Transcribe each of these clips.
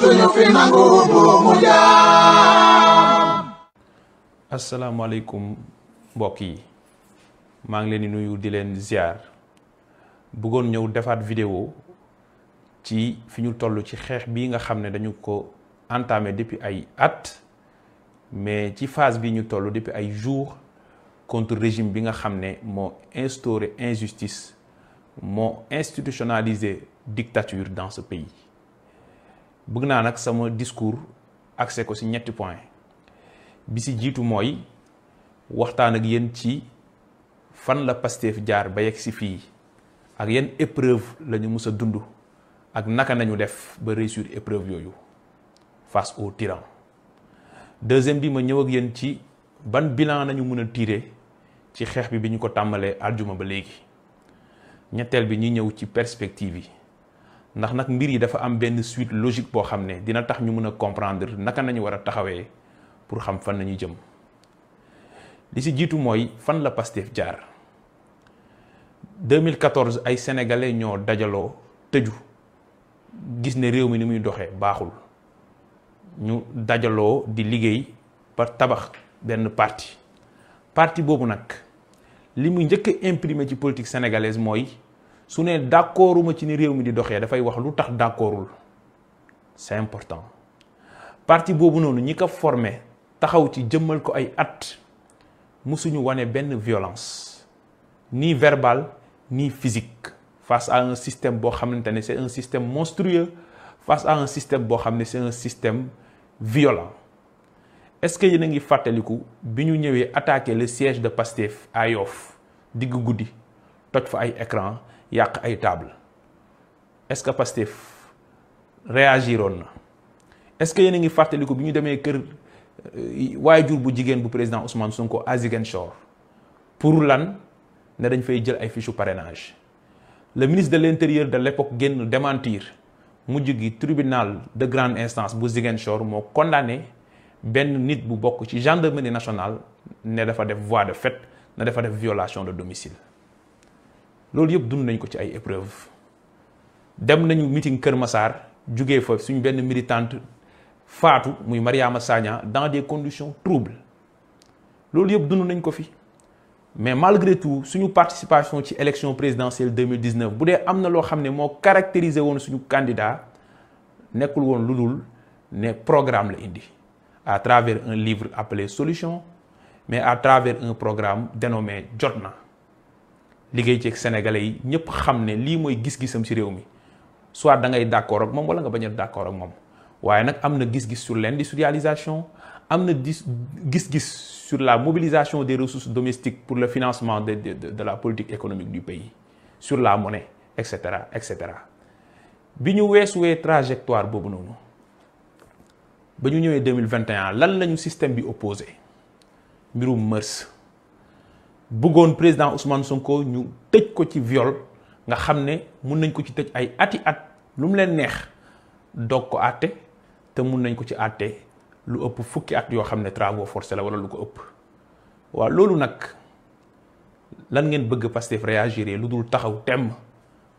tuñufina ngubu mu jaam asalaamaaleykum mbokk yi maa ngi leen di nuyu di leen ziar bëggoon ñëw defaat vidéo ci fi ñu toll ci xeex bi nga xam ne dañu ko entamé depuis ay at mais ci phase bi ñu toll depuis ay jour contre régime bi nga xam ne moo instauré injustice moo institutionnalisé dictature dans ce pays bëgg naa nag sama discours axé ko ci ñetti point bi ci jiitu mooy waxtaan ak yéen ci fan la Pastef jaar ba yegg ci fii ak yan épreuve la ñu mus a dund ak naka nañu def ba réussir épreuve yooyu face au tyran deuxième bi ma ñëw ak yéen ci ban bilan nañu mën a tirer ci xeex bi bi ñu ko tàmbalee aljuma ba léegi ñetteel bi ñu ñëw ci perspective yi ndax nag mbir yi dafa am benn suite logique boo xam ne dina tax ñu mën a comprendre naka nañu war a taxawee pour xam fan nañu jëm li si jiitu mooy fan la Pastef jaar 2014 ay sénégalais ñoo dajaloo tëju gis ne réew mi ni muy doxee baaxul ñu dajaloo di liggéey par tabax benn parti parti boobu nag li mu njëkk a imprimé ci politique sénégalaise mooy su ne d'accorduma ci ni réew mi di doxee dafay wax lu tax d'accordul c'est important partie boobu noonu ñi ko formé taxaw ci jëmmal ko ay at musuñu wane benn violence ni verbal ni physique face à un système boo xamante ne c'est un système monstrueux face à un système boo xam ne c'est un système violent est-ce que yéen a ngi fàttaliku bi ñu ñëwee attaque le siège de Pastef à Yoff digg guddi toj fa ay écran yàq ay table est-ce que Pastef réagiroon na est-ce que yéen a ngi fàttaliku bi ñu demee kër euh, waaye jur bu jigéen bu président Ousmane Sonko à Ziguinchor pour lan ne dañ fay jël ay fichu parrainage le ministre de l'intérieur de l'époque génn démentir mujj gi tribunal de grande instance bu Ziguinchor moo condamné benn nit bu bokk ci gendarmerie nationale ne dafa def voie de fait ne dafa def violation de domicile loolu yëpp dund nañ ko ci ay épreuve dem nañu meeting Kër Massar jugee fa suñu benn militante faatu muy Mariama Sagna dans des conditions troubles loolu yëpp dund nañ ko fi mais malgré tout suñu participation ci élection présidentielle 2019 bu dee am na loo xam ne moo caractériser woon suñu candidat nekkul woon lu dul ne programme la indi à travers un livre appelé Solution mais à travers un programme mais jot na liggéey ci ak sénégalais yi ñëpp xam ne lii mooy gis-gisam ci réew mi soit da ngay d'accord ak moom wala nga bañ a d'accord ak moom waaye nag am na gis-gis sur l'industrialisation am na gis-gis sur la mobilisation des ressources domestiques pour le financement de de de la politique économique du pays sur la monnaie et cetera et cetera bi ñu weesuwee trajectoire boobu noonu ba ñu ñëwee 2021 lan lañu système bi opposé mbirum mërs bëggoon président Ousmane Sonko ñu tëj ko ci viol nga xam ne mun nañ ko ci tëj ay ati at lu mu leen neex doog ko àtte te mun nañ ko ci àtte lu ëpp fukki at yoo xam ne travaux forcés la wala lu ko ëpp waaw loolu nag lan ngeen bëgg Pastef réagir lu dul taxaw temm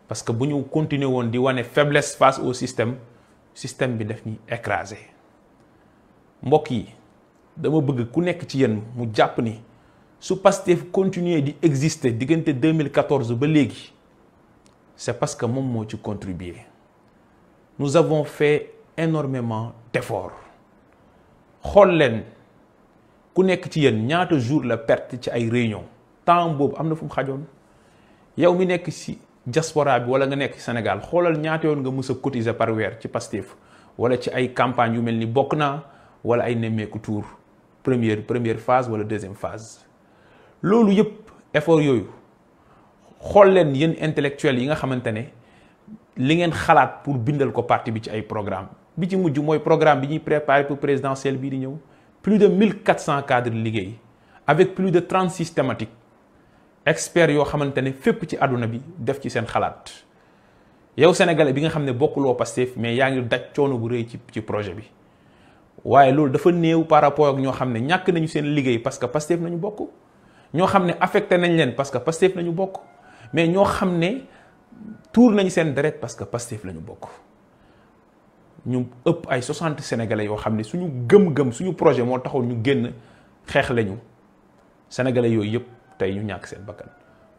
parce que bu ñu continuer woon di wane faiblesse face au système système bi def ñuy écraser mbokk yi dama bëgg ku nekk ci yéen mu jàpp ni su Pastef continuer di exister diggante 2014 ba léegi c'est parce que moom moo ci contribuer nous avons fait énormément d'efforts xool leen ku nekk ci yéen ñaata jour la perte ci ay réunion temps boobu am na fu mu xajoon yow mi nekk ci diaspora bi wala nga nekk Sénégal xoolal ñaata yoon nga mës a cotiser par weer ci Pastef wala ci ay campagne yu mel ni bokk naa wala ay nemmeeku tour première première phase wala deuxième phase loolu yëpp effort yooyu xool leen yéen intellectuels yi nga xamante ne li ngeen xalaat pour bindal ko parti bi ci ay programme bi ci mujj mooy programme bi ñuy préparé pour présidentielle bii di ñëw plus de 1400 cadre liggéey avec plus de 36 thématiques experts yoo xamante ne fépp ci àdduna bi def ci seen xalaat yow sénégalais bi nga xam ne bokk bokkuloo Pastef mais yaa ngi daj coono bu rëy ci ci projet bi waaye loolu dafa néew par rapport ak ñoo xam ne ñàkk nañu seen liggéey parce que Pastef nañu bokk ñoo xam ne affecté nañ leen parce que Pastef la ñu bokk mais ñoo xam ne tuur nañ seen deret parce que Pastef la ñu bokk ñu ëpp ay 60 sénégalais yoo xam ne suñu gëm-gëm suñu projet moo taxoon ñu génn xeex lañu sénégalais yooyu yëpp tey ñu ñàkk seen bakkan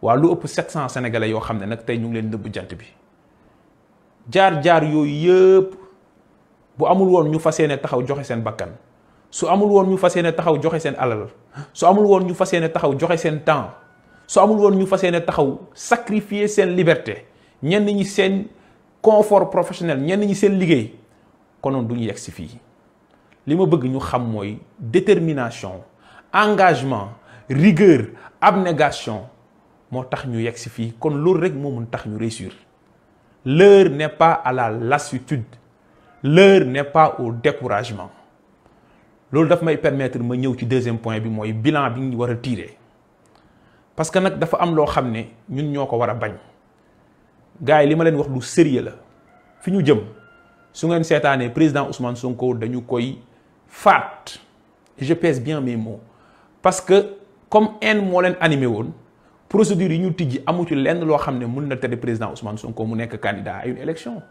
waa lu ëpp 700 sénégalais yoo xam ne nag tey ñu ngi leen nëbb jant bi jaar-jaar yooyu yëpp bu amul woon ñu fas yéene taxaw joxe seen bakkan. su amul woon ñu fas yéene taxaw joxe seen alal su amul woon ñu fas yéene taxaw joxe seen temps su amul woon ñu fas yéene taxaw sacrifier seen liberté ñenn ñi seen confort professionnel ñenn ñi seen liggéey konoon du ñu yegg si fii li ma bëgg ñu xam mooy détermination engagement rigueur abnégation moo tax ñu yegg si fii kon loolu rek moomu tax ñu réussir l'heure n'est pas à la lassitude l'heure n'est pas au découragement loolu dafa may permettre ma ñëw ci deusième point bi mooy bilan bi ñu war a tiire parce que nag dafa am loo xam ne ñun ñoo ko war a bañ gars yi li ma leen wax lu sérieux la fi ñu jëm su ngeen seetaanee président Ousmane Sonko dañu koy faat je pèse bien mes mots parce que comme haine moo leen animé woon procédure yi ñu tijji amu ci lenn loo xam ne mun na tere président Ousmane Sonko mu nekk candidat à une élection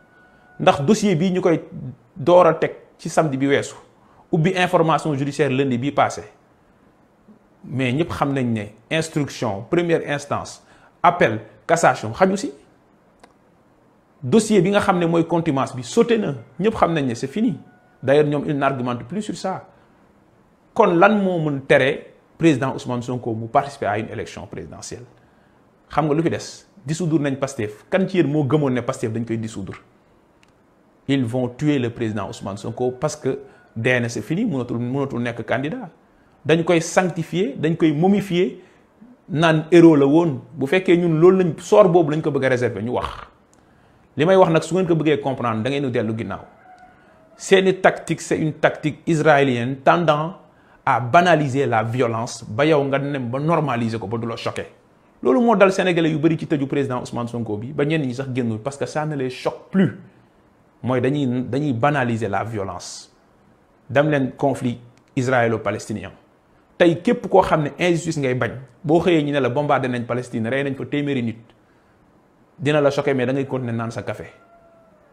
ndax dossier bii ñu koy door a teg ci samedi bi weesu. ubbi information judiciaire lundi bii passé mais ñëpp xam nañ ne instruction première instance appel cassation xaju si dossier bi nga xam ne mooy contumace bi sotee na ñëpp xam nañ ne c'est fini d'ailleurs ñoom il n'argumente plus sur ça kon lan moo mën tere président Ousmane Sonko mu participer à une élection présidentielle xam nga lu fi des dissoudre nañ Pastef kan ci yéen moo gëmoon ne Pastef dañ koy dissoudre ils vont tuer le président Ousmane DNS c'est fini mënatul mënatul nekk candidat dañ koy sanctifier dañ koy momifier naan héros la woon bu fekkee ñun loolu lañ sor boobu lañ ko bëgg a réserver ñu wax li may wax nag su ngeen ko bëggee comprendre da ngeen dellu ginnaaw seeni tactique c'est une tactique israélienne tendant à banaliser la violence ba yow nga nem ba normaliser ko ba du la choquer loolu moo dal sénégalais yu bëri ci tëju président Ousmane Sonko bi ba ñeen ñi sax génnul parce que ça ne les mooy dañuy dañuy banaliser la violence dem leen conflit israélo-palestinien tey képp koo xam ne injustice ngay bañ boo xëyee ñu ne la bombardé nañ Palestine rey nañ fa téeméeri nit dina la choqué mais da ngay continuer naan sa café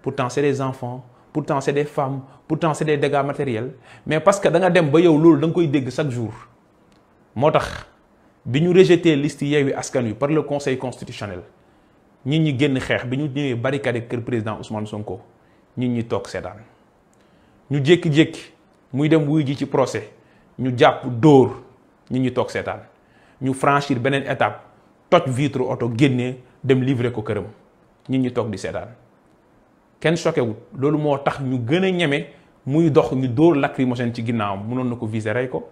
pourtant c'est des enfants pour c'est des femmes pour c'est des dégâts matériels mais parce que da dem ba yow loolu da koy dégg chaque jour moo tax bi ñu rejeté liste yi Askan Wi par le conseil constitutionnel ñit ñi génn xeex bi ñu ñëwee barricade kër président Ousmane Sonko ñit ñi toog seetaan ñu muy dem wuy ji ci procès ñu jàpp dóor ñi ñi toog seetaan ñu franchir beneen étape toj vitre oto génnee dem livrer ko këram ñi ñu toog di seetaan kenn choqué wut loolu moo tax ñu gën a ñeme muy dox ñu dóor lacrymogène ci ginnaawam mënoon na ko viser rey ko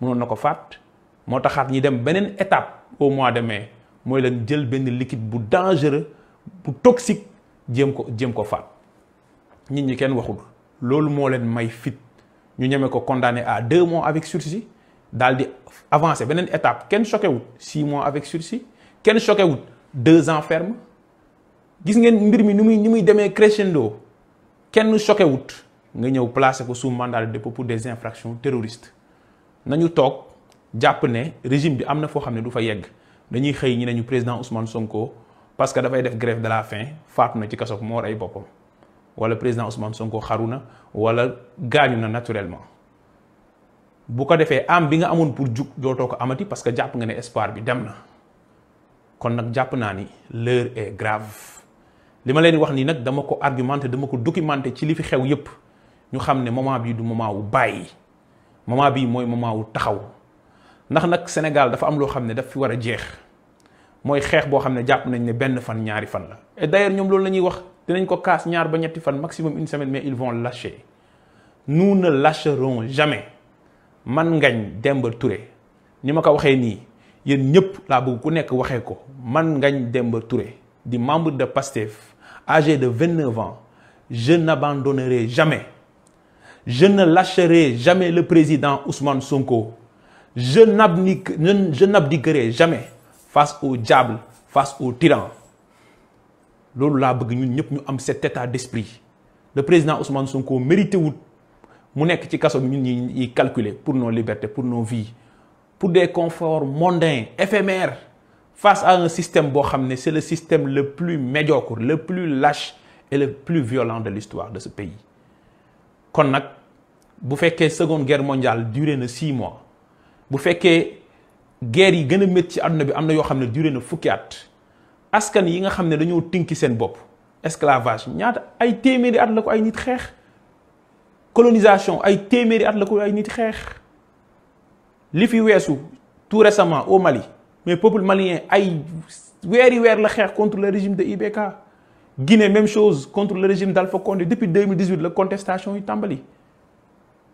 mënoon na ko fàtt moo taxaat ñi dem beneen étape au mois de mai mooy leen jël benn liquide bu dangereux bu toxique jéem ko jéem ko faat nit ñi kenn waxul loolu moo leen may fit ñu ñeme ko condamné à deux mois avec sursis daal di avancé beneen étape kenn choqué wut six mois avec sursis kenn choqué wut deux ans ferme gis ngeen mbir mi ni muy ni muy demee crescendo kenn choqué wut nga ñëw placé ko sous mandat de dépôt pour des infractions terroristes nañu toog jàpp ne régime bi am na foo xam ne du fa yegg dañuy xëy ñi ne ñu président Ousmane Sonko parce que dafay def grève de la faim faatu na ci kaso moo rey boppam. wala président Ousmane Sonko xaru na wala gaañu na naturellement bu ko defee am bi nga amoon pour jug jootoo ko amati parce que jàpp nga ne espoir bi dem na kon nag jàpp naa ni l'heure est grave li ma leen wax nii nag dama ko argumenté dama ko documenté ci li fi xew yépp ñu xam ne moment bii du moment wu bàyyi moment bii mooy moment wu taxaw ndax nag Sénégal dafa am loo xam ne daf fi war a jeex mooy xeex boo xam ne jàpp nañ ne benn fan ñaari fan la et wax. dinañ ko kaas ñaar ba ñetti fan maximum une semaine mais ils vont lâcher nous ne lâcherons jamais man ngañ Demba Touré ni ma ko waxee nii yéen ñëpp laa bëgg ku nekk waxee ko man ngañ Demba Touré di membre de PASTEF âgé de 29 ans je n'abandonnerai jamais je ne lâcherai jamais le président Ousmane Sonko je n'abdiquerai jamais face au diable face au tyran loolu laa bëgg ñun ñëpp ñu am cet état d'esprit le président Ousmane Sonko mérité wut mu nekk ci kaso bi ñun ñi ñuy calculer pour noo libertés pour noo vies pour des conforts mondains éphémères face à un système boo xam ne c'est le système le plus médiocre le plus lâche et le plus violent de l'histoire de ce pays kon nag bu fekkee seconde guerre mondiale duré na six mois bu fekkee guerre yi gën a métti ci àdduna bi am na yoo xam ne duré na fukki at askan yi nga xam ne dañoo tinki seen bopp esclavage ñaata ay téeméeri at la ko ay nit xeex colonisation ay téeméeri at la ko ay nit xeex li fi weesu tout récemment au Mali mais peuple malien ay weeri weer la xeex contre le régime de IBK gine même chose contre le régime d'Alpha Condé depuis 2018 la contestation yu tàmbali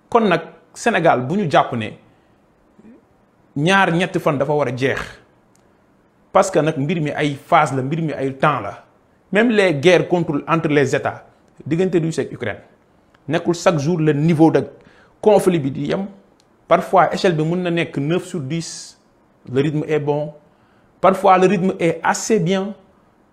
kon nag Sénégal bu ñu jàpp ne ñaar ñetti fan dafa war a jeex parce que nag mbir mi ay phase la mbir mi ay temps la même les guerres contre entre les états diggante Russie ak Ukraine nekkul chaque jour le niveau de conflit bi di yem parfois échelle bi mun na nekk 9 sur 10 le rythme et bon parfois le rythme est assez bien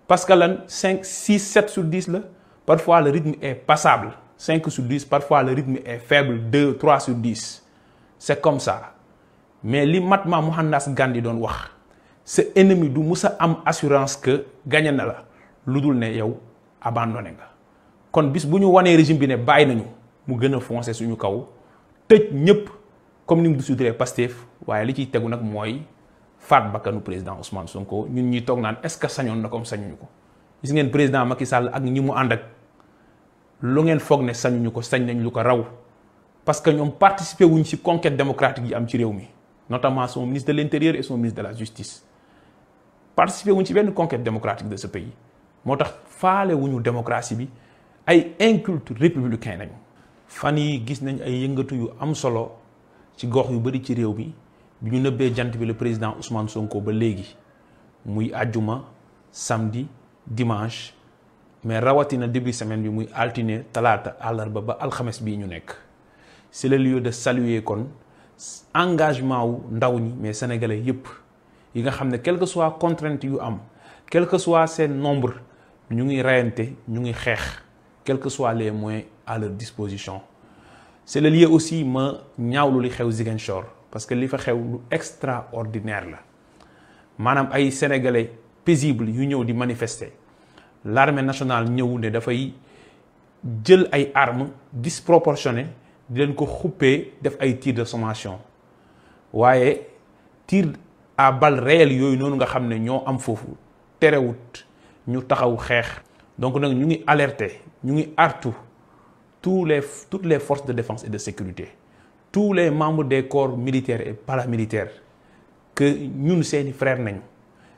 parce que lan cinq 6 7 sur 10 la parfois le rythme et passable cinq sur 10 parfois le rythme et faible deux 3 sur 10 c'est comme ça mais li Mahatma Mohandas di doon wax. sa ennemi du musa am assurance que gagné na la lu dul ne yow abandonné nga kon bis bu ñu wanee régime bi ne bàyyi nañu mu gën a foncé suñu kaw tëj ñëpp comme ni mu du sudree Pastef waaye li ciy tegu nag mooy faat bakkanu président Ousmane Sonko ñun ñuy toog naan est-ce que sañoon na comme sañuñu ko gis ngeen président Macky Sall ak ñi mu ànd ak lu ngeen foog ne sañuñu ko sañ nañ lu ko raw parce que ñoom participer wuñ ci conquête démocratique yi am ci réew mi notamment son ministre de l'intérieur et son participer wuñ ci benn conquête démocratique de ce pays moo tax faale wuñu démocratie bi ay inculte républicain nañ fan yi gis nañ ay yëngatu yu am solo ci gox yu bëri ci réew mi bi ñu nëbbee jant bi le président Ousmane Sonko ba léegi muy àjjuma samdi dimanche mais rawatina début semaine bi muy altine talaata àllarba ba alxames bii ñu nekk c'est le lieu de saluer kon engagement wu ndaw ñi mais sénégalais yépp yi nga xam ne quelle que soit contrainte yu am quel que soit seen nombre ñu ngi reyante ñu ngi xeex quels que soient les moyens à leur disposition c'est le lieu aussi ma ñaawlu li xew Ziguinchor parce que li fa xew lu extraordinaire la maanaam ay sénégalais paisible yu ñëw di manifester l'armée nationale ñëw ne dafay jël ay armes disproportionnées di leen ko xuppee def ay tirs de sommation waaye tir à balles réelles yooyu noonu nga xam ne ñoo am foofu terewut ñu taxaw xeex donc nag ñu ngi alerter ñu ngi artu tous les toutes les forces de défense et de sécurité tous les membres des corps militaires et paramilitaires que ñun seeni frère nañu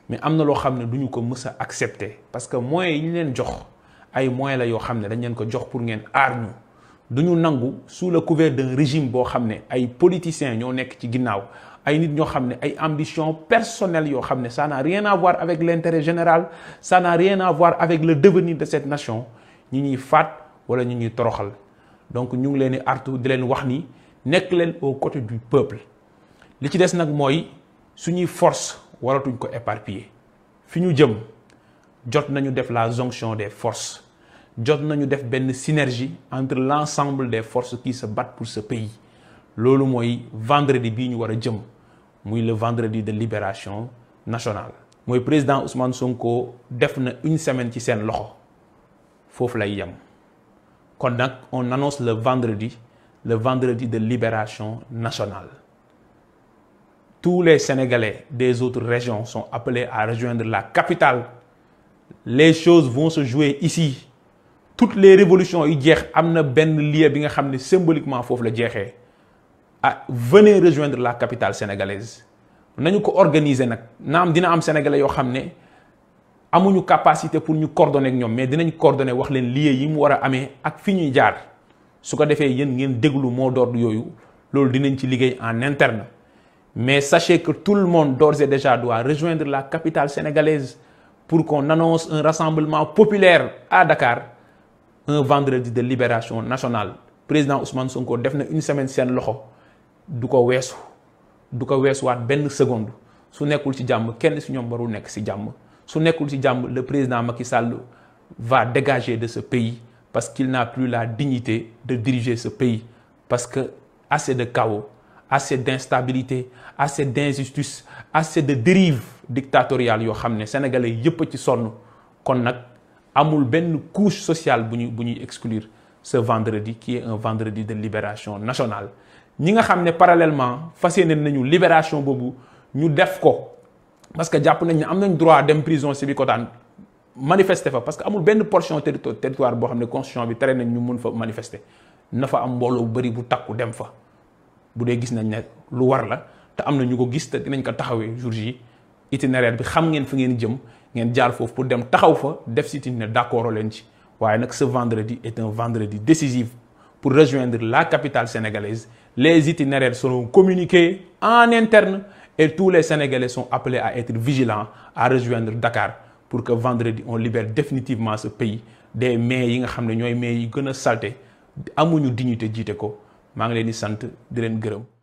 mais am na loo xam ne du ñu ko mës a accepter parce que moyens yi ñu leen jox ay moyens la yoo xam ne dañu leen ko jox pour ngeen aar ñu du ñu nangu sous le couvert d'un régime boo xam ne ay politiciens ñoo nekk ci ginnaaw ay nit ñoo xam ne ay ambition personnelle yoo xam ne ça n'a rien à avec l'intérêt général ça n'a rien à voir avec le devenir de cette nation ñu ñuy faat wala ñu ñuy toroxal donc ñu ngi leen di artu di leen wax ni nekk leen au côté du peuple li ci des nag mooy suñuy force waratuñ ko éparpiller fi ñu jëm jot nañu def la jonction des force jot nañu def benn synergie entre l'ensemble des force qui se battent pour ce pays loolu mooy vendredi bii ñu war a jëm muy le vendredi de libération nationale mooy président Ousmane Sonko def na une semaine ci seen loxo foofu lay yem kon nag on annonce le vendredi le vendredi de libération nationale tous les Sénégalais des autres régions sont appelés à rejoindre la capitale les choses vont se jouer ici toutes les révolutions yi jeex am na benn lieu bi nga xam ne symboliquement foofu la jeexee ah venez rejoindre la capitale sénégalaise nañu ko organiser nag na am dina am sénégalais yoo xam ne amuñu capacité pour ñu coordonner ñoom mais dinañ coordonner wax leen liggéey yi mu war a amee ak fi ñuy jaar su ko defee yéen ngeen déglu moo d'ordre yooyu loolu dinañ ci liggéey en interne mais sachez que tout le monde d'ores et déjà doit rejoindre la capitale sénégalaise pour qu'on annonce un rassemblement populaire à Dakar un vendredi de libération nationale président Ousmane Sonko def na une semaine seen loxo du ko weesu du ko weesuwaat benn seconde su nekkul ci jàmm kenn si ñoom warul nekk si jàmm su nekkul si jàmm le président Macky Sall va dégager de ce pays parce qu'il n'a plus la dignité de diriger ce pays parce que assez de chaos assez d'instabilité assez d'injustice assez de dérive dictatoriale yoo xam ne sénégalais yépp a ci sonn kon nag amul benn couche sociale bu ñu bu ñuy exclure ce vendredi qui est un vendredi de libération nationale ñi nga xam ne parallèlement fas yéene nañu libération boobu ñu def ko parce que jàpp nañ ne am nañ droit dem prison daan manifester fa parce que amul benn portion territoire boo xam ne constitution bi tere nañ ñu mun fa manifester na fa am mbooloo bu bëri bu takku dem fa bu dee gis nañ ne lu war la te am na ñu ko gis te dinañ ko taxawee jour yi itinéraire bi xam ngeen fi ngeen jëm ngeen jaar foofu pour dem taxaw fa def sit ne d'accord leen ci waaye nag ce vendredi est un vendredi décisif pour rejoindre la capitale sénégalaise Les itinéraires seront communiqués en interne et tous les Sénégalais sont appelés à être vigilants, à rejoindre Dakar pour que vendredi on libère définitivement ce pays des mais yi nga xam ne ñooy mais yi gën a salte amuñu dignité jiite ko maa ngi leen di sant di leen gërëm.